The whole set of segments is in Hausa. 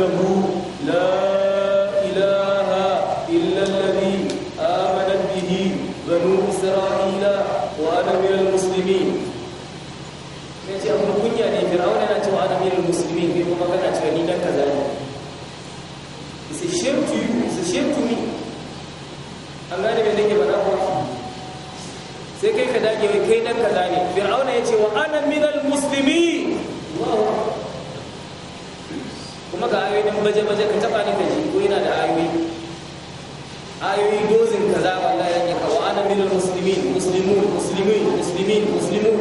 وحده لا إله إلا الذي آمنت به بنو إسرائيل وأنا من المسلمين yace abin kunya ne fir'auna yana cewa ana muslimin kuma kana cewa ni a to you is a to me ko sai kai ka dage kai ne fir'auna yace wa ana min al muslimin baje-baje ka taba ni ka ko yana da ayoyi ayoyi dozin kaza wallahi yake ka wa ana minal muslimin muslimun muslimin muslimin muslimun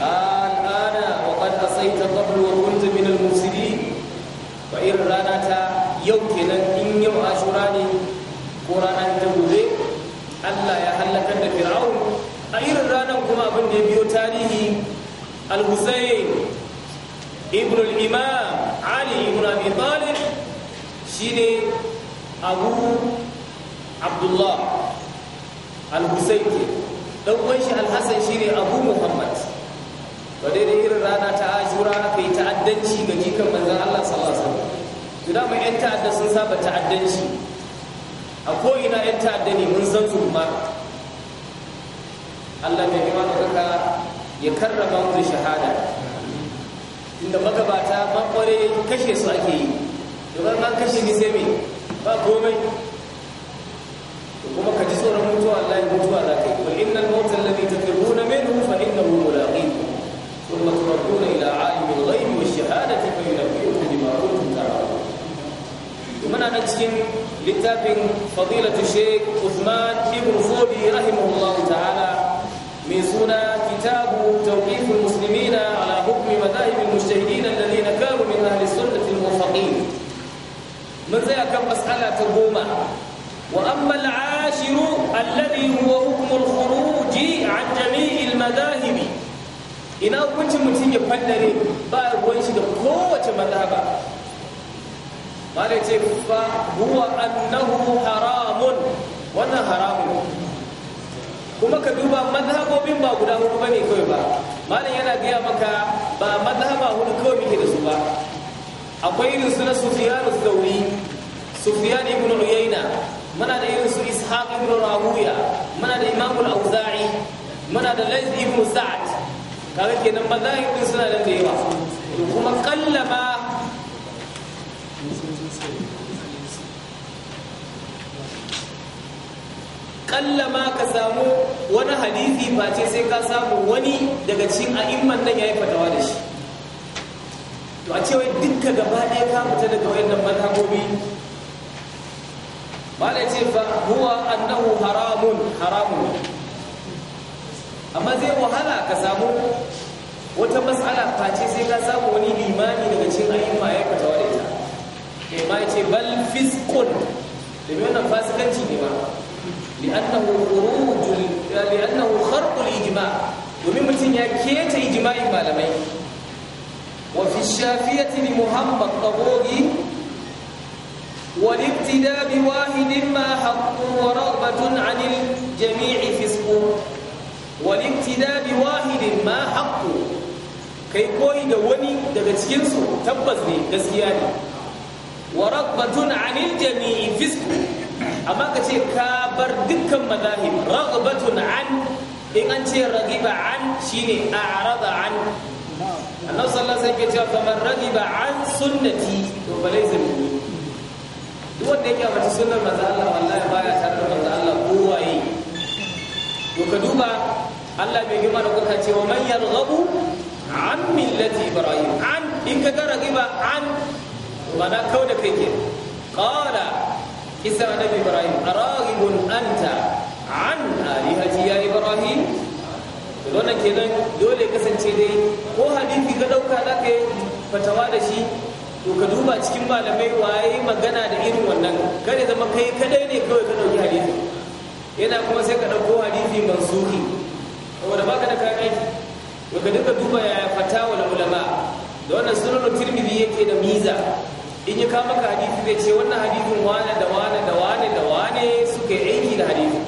al'ana wa qad asaita qablu wa kunta al mufsidin fa in rana ta yau kenan in yau ashura ne ko rana ta gobe Allah ya halakar da fir'aun a irin ranar kuma abin da ya biyo tarihi al-husayn ibn al-imam ali ibn abi talib shine abu abdullah al-husayn dan uwan shi al-hasan shine abu muhammad to dai dai irin rana ta ashura aka yi ta'addanci ga jikan manzon Allah sallallahu alaihi wasallam to da yan ta'adda sun saba ta'addanci a ko ina yan ta'adda ne mun san su kuma Allah mai imanu kaka ya karrama mu shahada inda magabata makware kashe su ake yi domin an kashe ni sai me ba komai kuma ka ji tsoron mutuwa Allah ya mutuwa za ka yi wa inna al-mawt alladhi tafirruna minhu fa innahu mulaqikum thumma turaduna ila alim al-ghayb wa shahadati fa yunabbi'ukum bima kuntum ta'malun muna nan cikin littafin fadilatu shaykh Uthman ibn Fudi rahimahullahu ta'ala mai suna kitabu tawqiful muslimina ala hukmi madahibul mujtahidin alladhina kanu min ahli sunnati al-muwaffaqin mun zai akan mas'ala ta goma wa amma al-ashiru alladhi huwa hukm al-khuruj an jami' ina hukuncin mutum ya faddare ba ruwan shi da kowace madhaba malai ce fa huwa annahu haramun wannan haramun kuma ka duba madhabobin ba guda hudu bane kawai ba malam yana gaya maka ba madhaba hudu kawai muke da su ba akwai irin su na sufiyanu thauri sufiyan ibn uyayna muna da irin su ishaq ibn rahuya muna da imam al-auza'i muna da lais ibn sa'd kaga kenan mazhabin suna da yawa kuma kallama kalla ma ka samu wani hadisi ba ce sai ka samu wani daga cikin a'imman nan yayi fatawa da shi to a cewa dukka gaba ɗaya ka fita daga wayannan Ba mala ce fa huwa annahu haramun haramun amma zai wahala ka samu wata mas'ala face sai ka samu wani limani daga cikin a'imma ya fatawa da ita kai ma ce bal fiskun da wannan fasikanci ne ba لأنه خروج لأنه خرق الإجماع ومن متن يكيت إجماع مالمي وفي الشافية لمحمد طبوغي والابتداء بواحد ما حق ورغبة عن الجميع فسق والابتداء بواحد ما حق kai koyi da wani daga cikinsu tabbas ne gaskiya ne wa rabbatun anil jami'i fisku amma ka ce ka bar dukkan mazahib ragbatun an in an ce ragiba an shine a'rada an annabi sallallahu alaihi wasallam ya ce kamar ragiba an sunnati to balai zamani duk wanda yake amfani sunnar manzo Allah wallahi baya tare da manzo Allah kowaye to ka duba Allah bai gima da kuka ce wa man yarghabu an millati ibrahim an in ka ga ragiba an bana na kauda kai ke qala kisa da ibrahim araghibun anta an alihati ya ibrahim don kenan dole kasance dai ko hadisi ka dauka zaka fatawa da shi to ka duba cikin malamai waye magana da irin wannan kare zama kai kadai ne kawai ka dauki hadisi yana kuma sai ka dauko hadisi mansuhi saboda baka da kai ka duka duba ya fatawa ulama da wannan sunan tirmidhi yake da miza in ya kama ka hadisi zai ce wannan hadisin wane da wane da wane da wane suka yi aiki da hadisin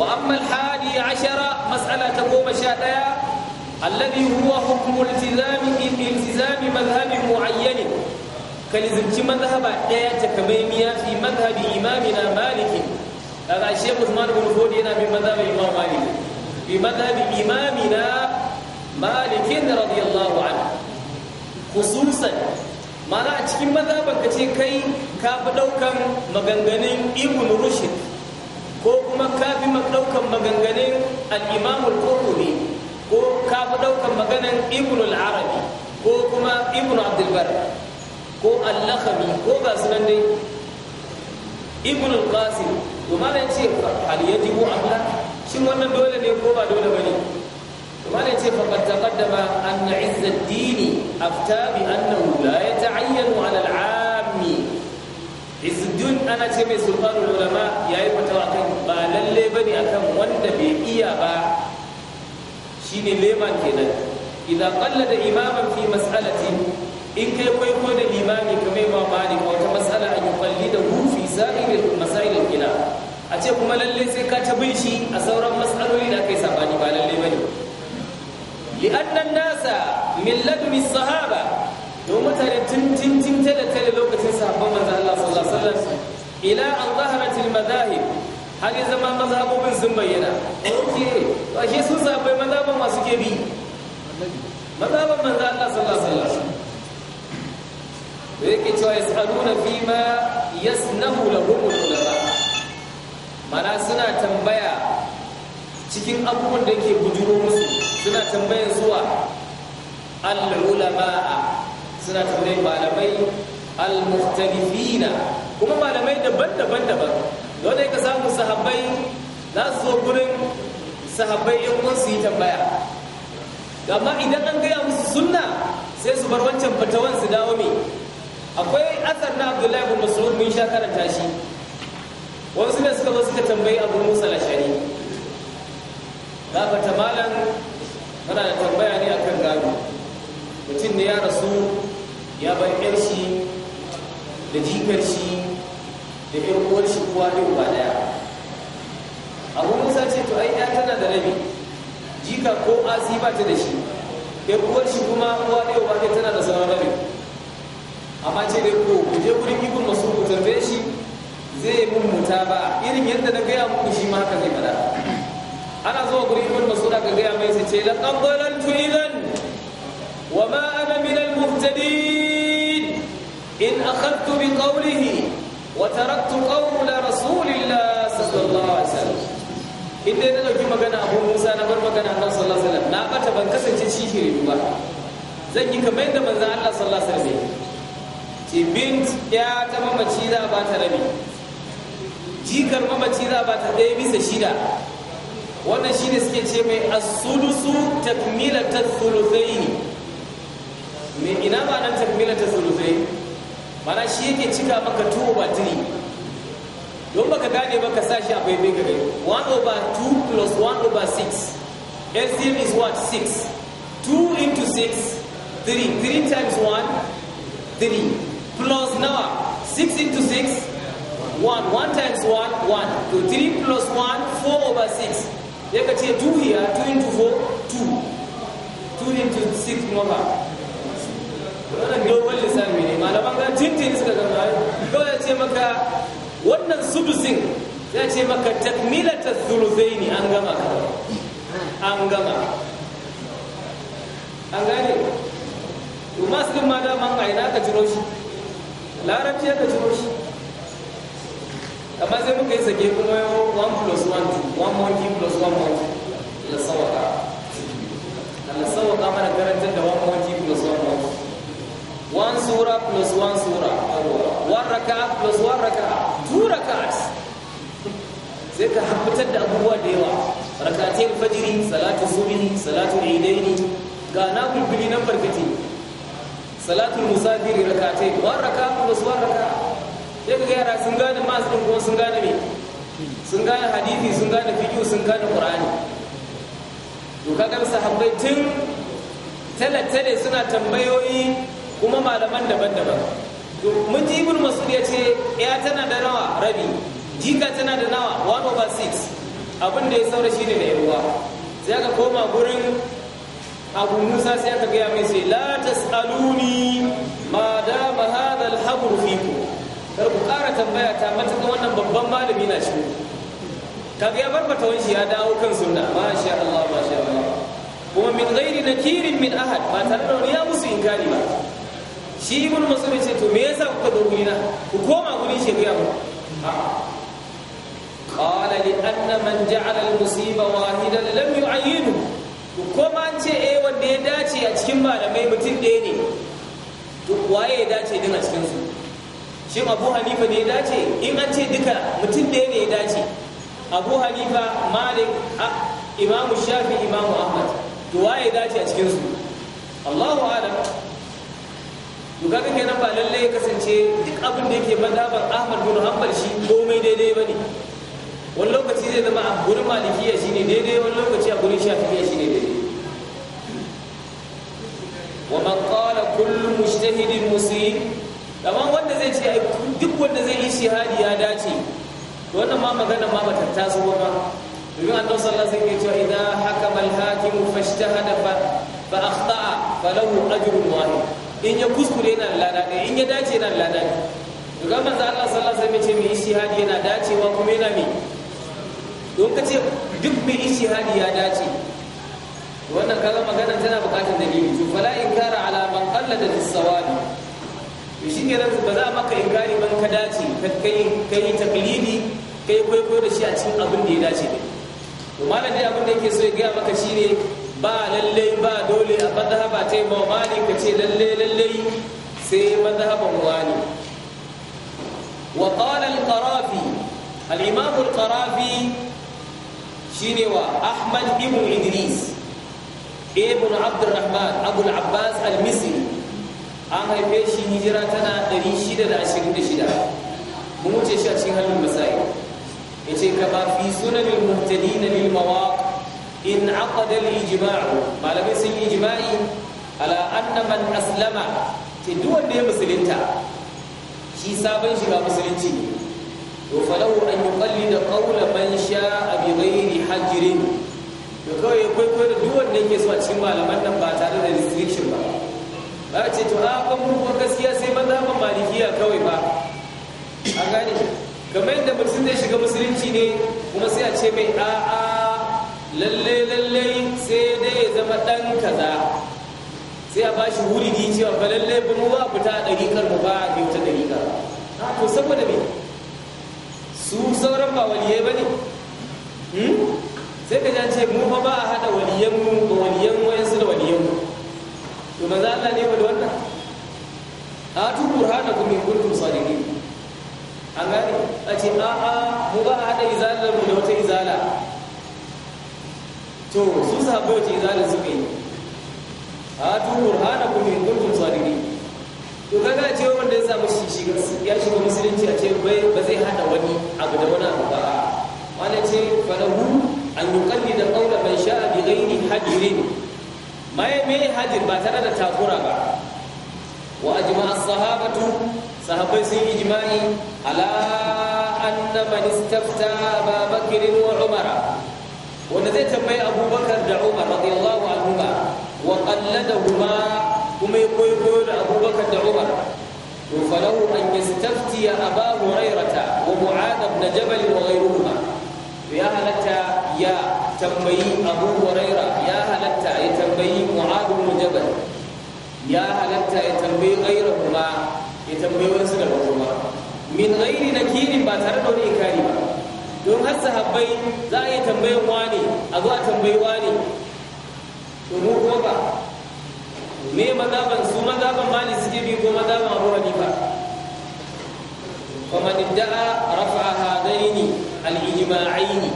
wa amma alhadi ashara mas'ala ta goma sha ɗaya alladhi huwa hukmu iltizami iltizami madhhabi mu'ayyan kalizimci madhhaba ɗaya ta kamaimiya fi madhhabi imamina maliki daga shekhu Usman bin Fodi yana bin madhhabi imam malik bi madhhabi imamina malik radiyallahu anhu khususan mana a cikin mazhaban ka ce kai ka fi ɗaukan maganganun ibn rushd ko kuma ka fi ɗaukan maganganun al-imam ko ka fi ɗaukan maganan ibn al ko kuma ibn abdulbar ko al ko ga sunan dai ibn al-qasim to mana ce hal yajibu amla shin wannan dole ne ko ba dole bane wani ce faƙar taƙaddama an na izzar dini afta bi annahu la ya ta'ayyanu ala al'ammi izzuddin ana ce mai sulfanul ulama ya yi fatawa kan ba lalle bane ne akan wanda bai iya ba shine leman kenan idan qallada imaman fi mas'alatin in kai kwaiko da limami kamar ma malik wata matsala an yukalli da hufi sa'irin masailin gina a ce kuma lalle sai ka ta shi a sauran matsaloli da aka yi sabani ba lalle bane li'annan nasa min laduni sahaba don mutane tun tun tun tale lokacin sahabban manzo Allah sallallahu alaihi wasallam ila an zaharat al madahib har ya zama mazhabobin sun bayyana okay to ashe sun sabai mazhaban masu ke bi mazhaban manzo Allah sallallahu alaihi wasallam yake cewa yasaluna fima yasnahu lahum ulama mana suna tambaya cikin abubuwan da ke bujuro musu suna tambayin zuwa al-ulama'a suna tambayin malamai al-mukhtalifina kuma malamai daban-daban daban dole ka samu sahabbai za su zo gurin sahabbai yan uwan su yi tambaya amma idan an gaya musu sunna sai su bar wancan fatawan su dawo me akwai asar na abdullahi bin mas'ud mun sha karanta shi wasu ne suka zo suka tambayi abu musa lashari fata malam tana da tambaya ne akan gado mutum ne ya rasu ya bar yar shi da jikar shi da yar uwar shi kuwa da uba daya abu musa ce to ai ya tana da rabi jika ko azi ba ta da shi yar uwar shi kuma uwa da uba daya tana da sauran rabi amma ce dai ko ku je wurin ibn masu ku tambaye shi zai mummuta ba irin yadda na gaya muku shi ma haka zai fada ana zuwa gurin ibn mas'ud aka gaya mai sai ce laqad dalaltu idan wa ma ana min al-muhtadin in akhadtu bi qawlihi wa taraktu qawla rasulillah sallallahu alaihi wasallam in dai na dauki magana abu Musa na bar magana Allah sallallahu alaihi wasallam na bata ban kasance shi shirin ba zan yi kamar yadda manzon Allah sallallahu alaihi wasallam ce bint ya ta mamaci za ba ta rabi jikar mamaci za ba ta ɗaya bisa shida wannan shi ne suke ce mai asulusu takmilatar sulusai ne ina ba nan takmilatar sulusai mana shi yake cika maka tuwo ba tiri don baka gane baka sa shi a faifai ka gani 1 over 2 plus 1 over 6 LCM is what 6 2 into 6 3 3 times 1 3 plus nawa 6 into 6 1 1 times 1 1 to 3 plus 1 4 over 6 ya ka ce two here 2 into 4 2 two into six number wannan dogon lissafi ne malaman ga tintin suka gama ko ya ce maka wannan sudusin ya ce maka takmilata thuluthai ne an gama an gama an gane masu din ma daman ina ka jiro shi larabci ya ka jiro shi amma sai muka yi sake kuma yau 1 plus 1 1 monkey plus 1 monkey da sawaka da sawaka mana karantar da 1 monkey plus 1 monkey 1 sura plus 1 sura 1 raka plus 1 raka 2 raka. sai ka haɓutar da abubuwa da yawa yi fajiri salatu subhi salatu ne ga na kulkuli nan barkati salatul musafiri yi 1 raka plus 1 raka sai ka yara sun gane mas din ko sun gane me sun gane hadisi sun gane fiqh sun gane qur'ani to kaga sahabbai tun ne suna tambayoyi kuma malaman daban-daban to mun ji ibn mas'ud ya ce ya tana da nawa rabi jika tana da nawa 1 over 6 abin da ya saura shine da yawa sai aka koma gurin abu musa sai aka gaya mai sai la tas'aluni ma dama hadha al-habru fiku. kar ku ƙara tambaya ta matuƙa wannan babban malami na shi kaga ya barbata wanshi ya dawo kan sunna sha Allah ma sha Allah kuma min ghairi nakirin min ahad ba tare da wani ya musu inkari ba shi ibn mas'ud ce to me yasa kuka zo gurina ku koma gurin shi ga mu قال لأن من جعل المصيبة واحدا لم يعينه وكما أنت إيه وده داتي أتكلم على ما يبتدئني waye ya dace din a cikinsu shin abu hanifa ne ya dace in an ce duka mutum ɗaya ne ya dace abu hanifa malik imamu shafi imamu ahmad to waye ya dace a cikinsu allahu alam duka kaga kenan ba lallai ya kasance duk abin da yake mazhabar ahmad bin hanbal shi komai daidai ba ne. wani lokaci zai zama a gurin malikiya shi ne daidai wani lokaci a gurin shi ne daidai wa man qala kullu mujtahidin muslim amma wanda zai ce duk wanda zai yi shihadi ya dace wannan ma magana ma ba ta taso ba domin annabi sallallahu alaihi wasallam ya ce idan hakama al-hakim fashtahada fa fa akhta'a falahu ajrun wahid in ya kuskure nan lada ne in ya dace nan lada ne to ga manzo Allah sallallahu alaihi wasallam ya ce mai shihadi yana dacewa kuma yana me don kace duk mai shihadi ya dace wannan kaga magana tana bukatar dalili to fala inkara ala man qallada bis-sawabi to shi ba za maka ingari ban ka dace ka yi taklidi ka yi kwaikwayo da shi a cikin abin da ya dace da to malam dai abin da yake so ya gaya maka shine ba lalle ba dole a ba ta imam malik ka ce lalle lalle sai madhaban wani wa qala al-qarafi al-imam al-qarafi shine wa ahmad ibn idris ibn abd al abu al-abbas al-misri an haife shi hijira tana 626 mun wuce shi a cikin halin masai ya ce kama fi sunanin muhtadi na lilmawa in aqada al-ijma'u malamai sun yi ijma'i ala anna man aslama ce duk wanda ya musulunta shi sabon shiga musulunci ne to falahu an da qawla man sha'a bi ghairi hajrin to kawai kwaikwayo da duk wanda yake so a cikin malaman nan ba tare da restriction ba ba ce to a kan murkon gaskiya sai mazhaban malikiya kawai ba a gane kamar yadda mutum zai shiga musulunci ne kuma sai a ce mai a'a lalle lalle sai dai ya zama dan kaza sai a bashi wuridi cewa ba lalle ba mu ba fita a ɗariƙar mu ba a bauta ɗariƙa to saboda me su sauran ba waliye ba ne hmm? sai ka ce mu ba a haɗa waliyan mu ba waliyan su da waliyan to manzo Allah ne da wannan atu kuma in kuntum sadiqin an gane a ce a a mu ba hada izalar mu da wata izala to su sahabbai wata izala A yi atu kuma in kuntum sadiqin to kaga ce wanda ya samu shi ya shiga musulunci a ce bai ba zai hada wani abu da wani abu ba wani ce falahu an yuqallida qawla man sha'a bi ghairi hadirin mai mai ba tare da takura ba wa ajma as-sahabatu sahabbai sun ijma'i ala anna man istafta Aba Bakr wa Umar wanda zai tambayi Abubakar da Umar radiyallahu anhuma wa qalladahuma kuma ya koyo da Abubakar da Umar to falahu an yastafti Aba Hurairah wa Mu'adh ibn Jabal wa ghayruhuma ya halatta ya tambayi abu huraira ya halatta ya tambayi mu'adu bin jabal ya halatta ya tambayi ghairahuma ya tambayi wasu da kuma min ghairi nakirin ba tare da wani ikari ba don har sahabbai za a yi tambayin wani a zo a tambayi wani to mu ko ba me mazaban su mazaban mali suke bi ko mazaban abu hanifa faman idda'a rafa'a hadaini al-ijma'aini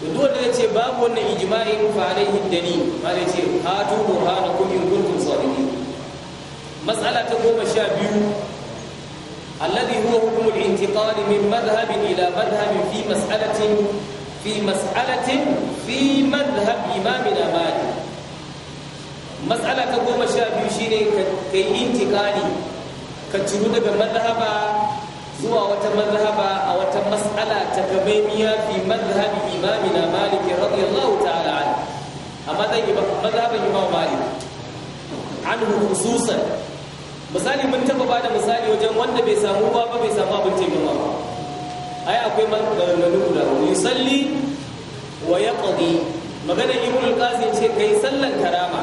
to duk wanda yace babu wannan ijma'in fa alaihi dalil mala yace hatu burhanakum in kuntum sadiqin mas'ala ta goma sha biyu alladhi huwa hukm al-intiqal min madhhab ila madhhab fi mas'alatin fi mas'alatin fi madhhab imamina malik mas'ala ta goma sha biyu shine kai intiqali ka ciru daga madhhaba zuwa wata mazhaba a wata mas'ala ta gamaimiya fi mazhabi imamina malik radiyallahu ta'ala an amma zan yi mazhaban imam malik an hususan misali mun taba bada misali wajen wanda bai samu ba ba bai samu abin taimama ba ai akwai maganganu guda salli wa yaqdi magana ibn al-qasim ce kai sallan karama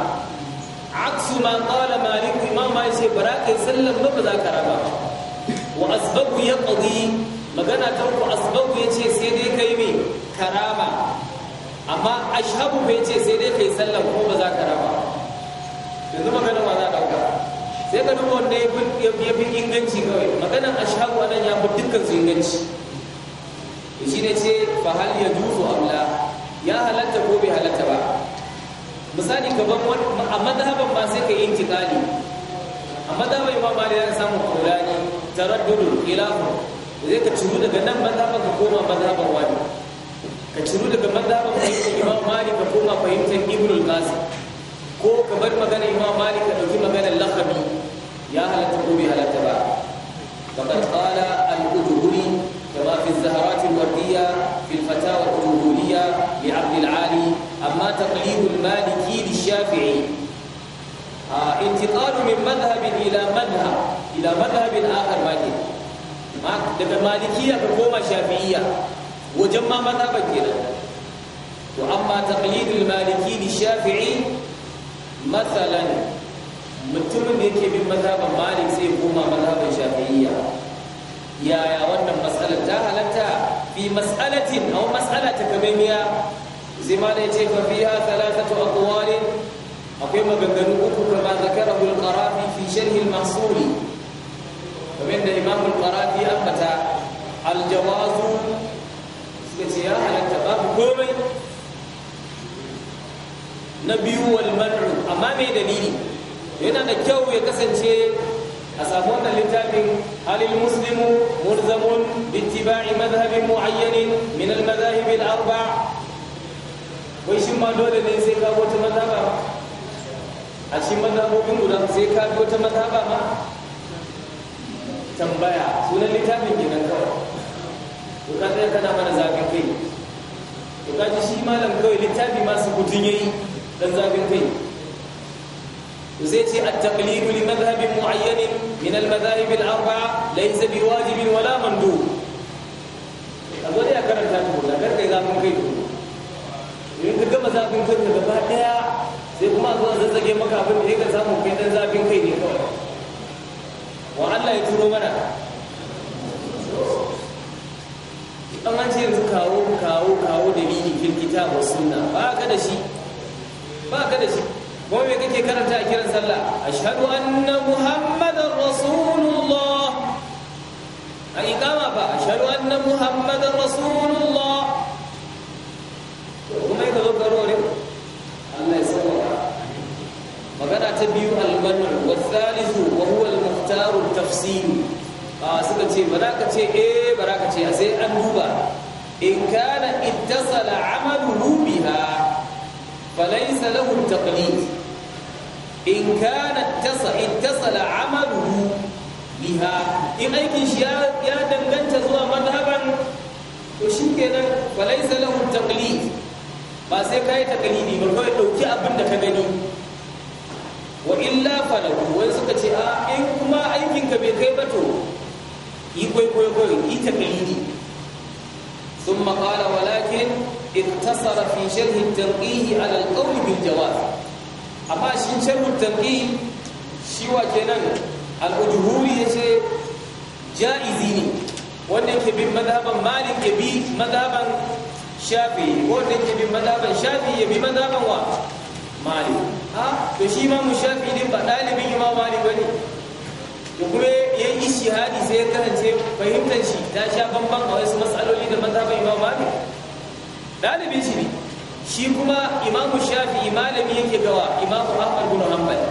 aksu ma qala malik imam malik ce bara kai sallan ba ba za karama ba wa asbabu ya ƙazi magana ta wa asbabu ya ce sai dai kai mai karama amma ashabu bai ce sai dai kai sallar ko ba za ka rama yanzu magana ma za ɗauka sai ka duba wanda ya fi inganci kawai maganan ashabu nan ya fi dukkan su inganci to shi ne ce ba hal ya juzu amla ya halatta ko bai halatta ba misali kaban a madhaban ba sai ka yi intikali a madhaban imam da ya samu kula تردد خلاف اذا كتشرود غن مذهب حكومه مذهب واحد كتشرود مذهب امام مالك فما فهمت ابن القاسم كو كبر مغن امام مالك دوكي مغن اللقب يا هل تقوبي هل تبع فقد قال الاجهري كما في الزهرات الورديه في الفتاوى الاجهريه لعبد العالي اما تقليد المالكي للشافعي آه، انتقال من مذهب الى مذهب ila madhabin akhar mali daga malikiya ka koma shafi'iyya wajen ma madhaban kenan to amma taqlidul maliki li shafi'i masalan mutumin da yake bin mazhaban malik sai koma mazhaban shafi'iyya yaya wannan matsalar ta halatta fi mas'alatin aw mas'alata kamaniya zai ma da ce fa fiha thalathatu aqwal akwai maganganu uku kama zakarahu al-qarafi fi sharh masu mahsuli kamar da imamul qarafi ambata aljawazu suka ce ya halatta babu komai na biyu wal man'u amma me dalili yana da kyau ya kasance a samu da littafin halil muslimu mulzamun bittiba'i madhhabin mu'ayyanin min al madahib al arba wai shin ma dole ne sai ka wata mazhaba a cikin mazhabobin guda sai ka bi wata mazhaba ma tambaya sunan littafin kenan kawai to ka tsaya mana zafin kai to ka shi malam kawai littafi masu gudun yayi dan zafin kai to sai ce at-taqlidu li madhhabin mu'ayyanin min al-madhahib al-arba'a laysa wajibin wala mandub kazo da karanta to da karkai zafin kai to in ka gama zafin kai gaba ɗaya, sai kuma a zo a zazzage maka abin da ya ka samu kai dan zafin kai ne kawai wa Allah ya turo mana an an ce yanzu kawo kawo kawo da mini kirkita wa sunna ba ka da shi ba ka da shi kuma me kake karanta a kiran sallah ashhadu anna cikin sharhul tarqi shi wa kenan al-ujhuri yace jaizi ne wanda yake bin madhaban malik ya bi madhaban shafi wanda yake bin madhaban shafi ya bi madhaban wa malik ha to shi ma shafi din ba dalibin imam malik bane to kuma ya yi ishihadi sai ya karance fahimtar shi ta sha bamban a wasu mas'aloli da mazhaban imam malik dalibin shi ne shi kuma imamu Shafi'i malami yake gawa imamu ahmad bin hanbal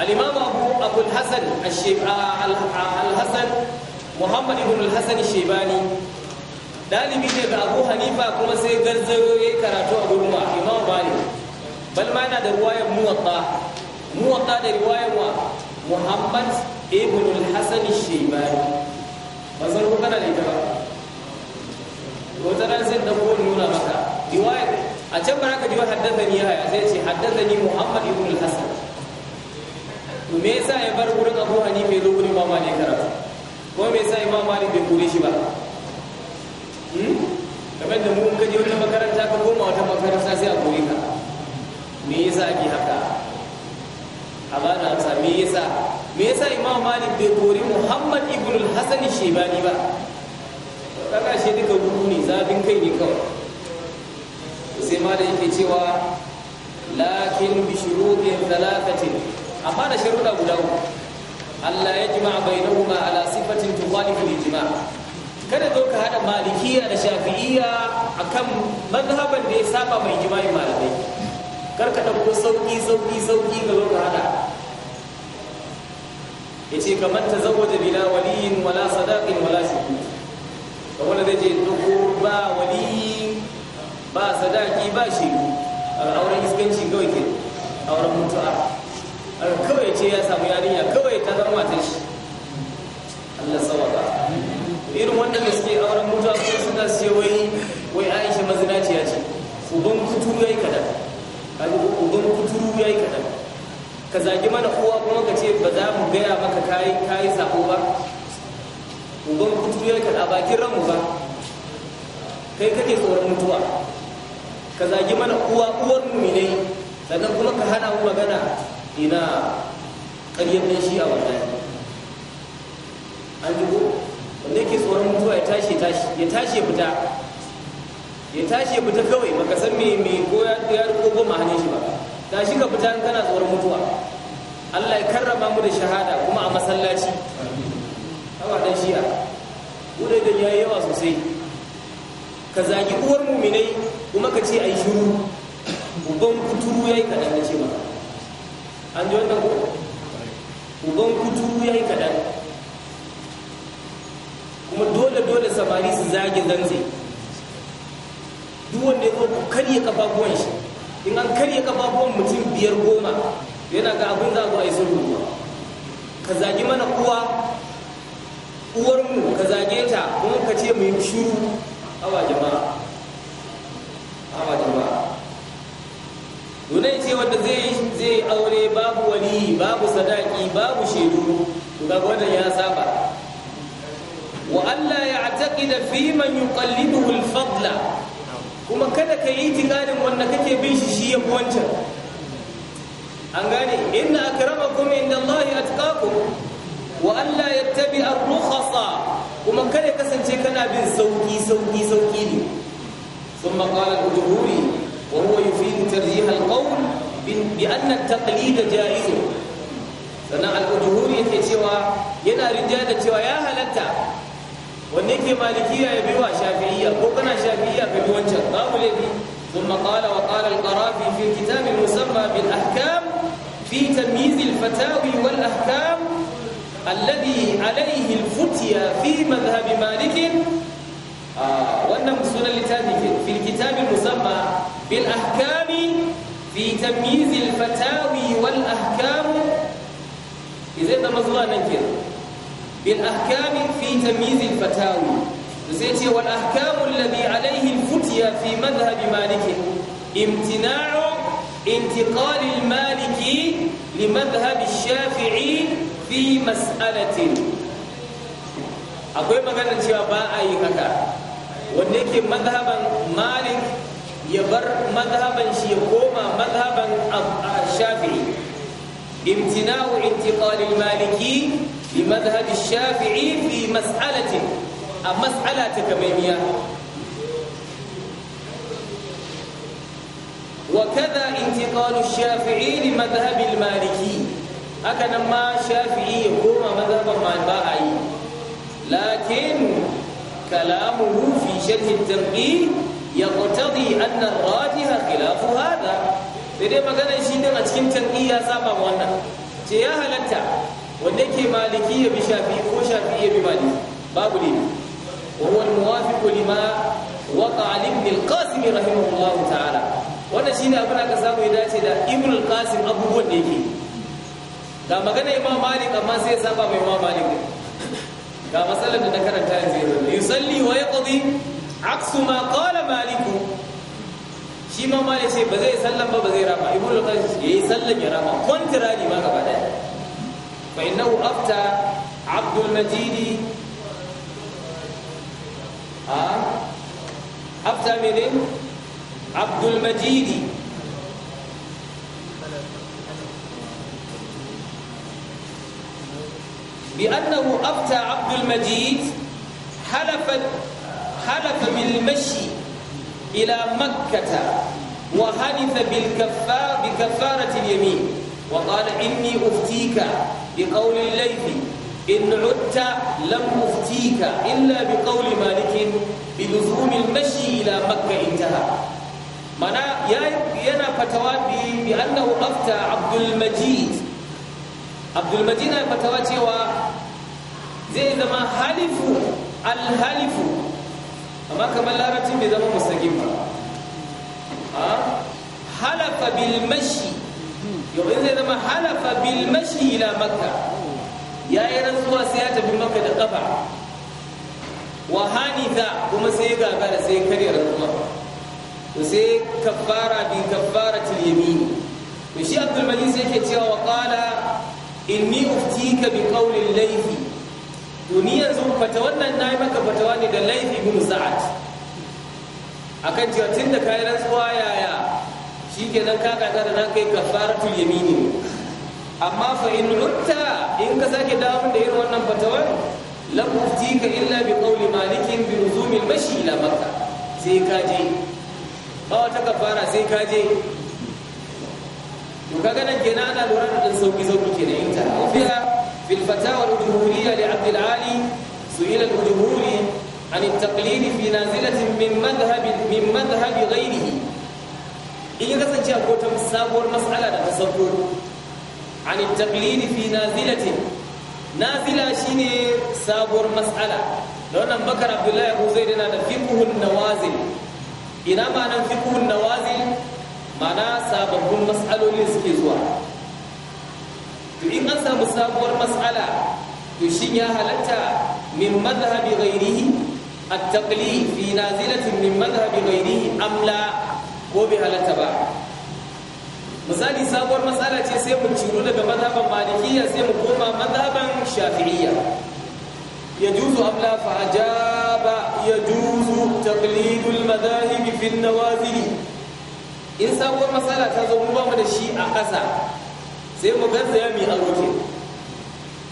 al-imamu abu abul hasan al-hasan muhammad ibn al-hasan shaybani dalibi ne ga abu hanifa kuma sai garzaro ya karatu a gurin imamu malik bal ma yana da riwayar muwatta muwatta da riwayar wa muhammad ibn al-hasan shaybani bazan ku kana da ita ba wata ran sai da ko nuna maka riwaya a can ba ka jiwa haddathani ya sai ce haddathani muhammad ibn al-hasan to me yasa ya bar gurin abu hanifa zo gurin imam malik karatu ko me yasa imam malik bai kore shi ba hmm kamar da mu ka wata makaranta ka koma wata makaranta sai a kore ka me yasa ake haka a ba na amsa me yasa me yasa imam malik bai kori muhammad ibn al-hasan shebani ba kaga shi duka gudu ne zafin kai ne kawai sai ma da yake cewa lakin bi shurutin thalathatin amma da sharuda guda uku Allah ya jima'a bainahuma ala sifatin tukhalifu al-ijma' kada zo ka hada malikiya da shafi'iyya akan madhhaban da ya saba mai jima'i malamai kar ka dauko sauki sauki sauki ga zo ka hada yace kamar tazawwaja bila waliyin wala sadaqin wala shuhud kamar da yake duk ba waliyi ba sadaki ba shi auren iskanci kawai ke auren mutu'a kawai ce ya samu yarinya kawai ta zama matar shi Allah sawaka irin da suke auren mutuwa kuma suna ce wai wai Aisha mazinaciya ce uban kuturu yayi kadan kaji uban kuturu yayi kada ka zagi mana kowa kuma ka ce ba za mu gaya maka ka yi sako ba uban kuturu yayi kada a bakin ranmu ba kai kake tsoron mutuwa ka zagi mana uwa uwar ne sannan kuma ka hana mu magana ina karyar da shi a wannan an dubo wanda yake tsoron mutuwa ya tashi ya tashi fita ya tashi fita kawai baka san me me ko ya ya ko goma hane shi ba tashi ka fita kana tsoron mutuwa Allah ya karrama mu da shahada kuma a masallaci awa dan shi'a ku da yayi yawa sosai ka zagi uwar muminai kuma ka ce a yi shiru uban kuturu ya yi kaɗan na ce ba an ji wannan kuma uban kuturu ya yi kaɗan kuma dole dole samari su zage zanze duk wanda ya ku karye kafafuwan shi in an karye kafafuwan mutum biyar goma yana ga abin za a yi ruwa ka zagi mana uwa uwarmu ka zage ta kuma ka ce mu yi shiru awa jama'a ce wanda zai zai aure babu wali babu sadaki babu shedu to kaga wannan ya saba wa ya ya'taqida fi man yuqallibuhu al-fadla kuma kada ka yi tigadin wanda kake bin shi shi ya wancan an gane inna akramakum inda Allah atqakum kuma kada kasance kana bin sauki sauki sauki ne sun maƙalar jihuri wa huwa yufidu tarjihal qawl bi anna da jaiz sannan al yake cewa yana rinja da cewa ya halatta wanne ke malikiya ya bi wa shafi'iyya ko kana shafi'iyya ka bi wancan babu laifi ثم قال وقال القرافي في bin ahkam. بالأحكام في تمييز الفتاوي ahkam. alladhi alaihi alfutiya fi madhhab malik wannan fil kitab musamma bil ahkami fi tamyiz al fatawi wal ahkam idan da mazuwa nan kenan bil ahkami fi tamyiz al fi mas'alatin akwai maganar cewa ba a yi haka wanda yake mazhaban malik ya bar mazhaban shi ya koma mazhaban shafi'i imtina'u intiqalil maliki bi mazhab shafi'i fi mas'alatin a mas'ala ta kamaimiya وكذا انتقال الشافعي لمذهب المالكي haka nan ma shafi'i ya koma mazhaban ma ba a yi lakin kalamu fi shakin tarbi yaqtadi anna ar-rajiha khilafu hada sai dai maganar shi din a cikin tarbi ya saba wannan ce ya halatta wanda ke maliki ya bi shafi ko shafi ya bi maliki babu ne wa huwa al-muwafiq lima waqa ibn al-qasim rahimahullahu ta'ala wannan shine abin da ka samu ya dace da ibn al-qasim abubuwan da yake da magana imam malik amma sai ya saba mai imam malik ga masalan da na karanta yanzu yi yusalli wa yaqdi aksu ma qala malik shi ma malik sai ba zai sallan ba ba zai rama ibnu ya yi sallan ya rama contrary ma gaba daya fa innahu afta abdul majidi a ah? afta mene abdul majidi بأنه أفتى عبد المجيد حلف حلف بالمشي إلى مكة وحلف بالكفار بكفارة اليمين وقال إني أفتيك بقول الليث إن عدت لم أفتيك إلا بقول مالك بلزوم المشي إلى مكة انتهى معناه ينا فتوى بأنه أفتى عبد المجيد عبد المجيد فتوى zai zama halifu alhalifu amma kamar larabcin bai zama mustaqim ba halafa bil yau in zai zama halafa bil ila makka yayi rantsuwa sai ya tafi makka da kafa Wahani hanitha kuma sai ya gagara sai ya karya rantsuwa to sai kaffara bi kaffaratil yamin to shi abdul sai yake cewa wa ƙala inni uftika bi qawli laifi. to ni yanzu fata wannan na yi maka fatawa ne da laifi bin sa'ad akan cewa tunda da kayan rantsuwa yaya shi kenan ka kaka da na kai kafaratul yamini amma fa in utta in ka sake dawo da irin wannan fatawar lam uftika illa bi qawli malikin bi nuzumi al-mashi ila makka sai ka je ba wata kafara sai ka je to kaga nan kenan ana lura da sauki sauki kenan ita wa في الفتاوى الجمهورية لعبد العالي سئل الجمهوري عن التقليد في نازلة من مذهب من مذهب غيره إن يكسن شيء أقول تم سابور مسألة تصور عن التقليد في نازلة نازلة شيني سابور مسألة لأن بكر عبد الله أبو زيد أنا النوازل إنما نفقه النوازل معناه سابقون مسألة لسكيزوها in an samu sabuwar matsala, to shin ya halatta min madhhabi ghairihi at-taqli fi nazilatin min madhhabi ghairihi am la ko bi halatta ba misali sabuwar matsala ce sai mu ciro daga madhaban malikiyya sai mu koma madhaban shafi'iyya Amla يجوز أم لا فأجاب يجوز تقليد المذاهب في النوازل إن سابوا mu تزموا shi a ƙasa. sai mu garzaya ya yi aro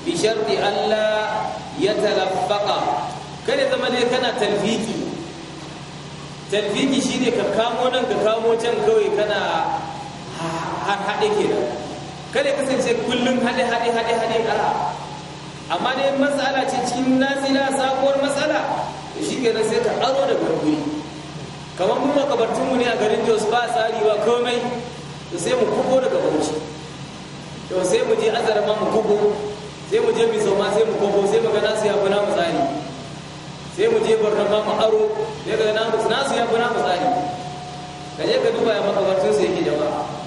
bi sharti Allah ya talaffaqa kada zama dai kana talfiki talfiki shine ka kamo nan ka kamo can kawai kana har haɗe kenan kada kasance kullum haɗe haɗe haɗe haɗe a amma dai matsala ce cikin nazila sabuwar matsala shi nan sai ta aro da gurguri kamar mu makabartunmu ne a garin jos ba tsari ba komai da sai mu kubo daga bauchi To sai mu je azarama mu kubo sai mu je mu soma sai mu kobo sai mu nasu ya fi mu tsari sai mu je barna ma mu aro sai ga nasu ya fi mu tsari ka je ka duba ya wato sai yake jama'a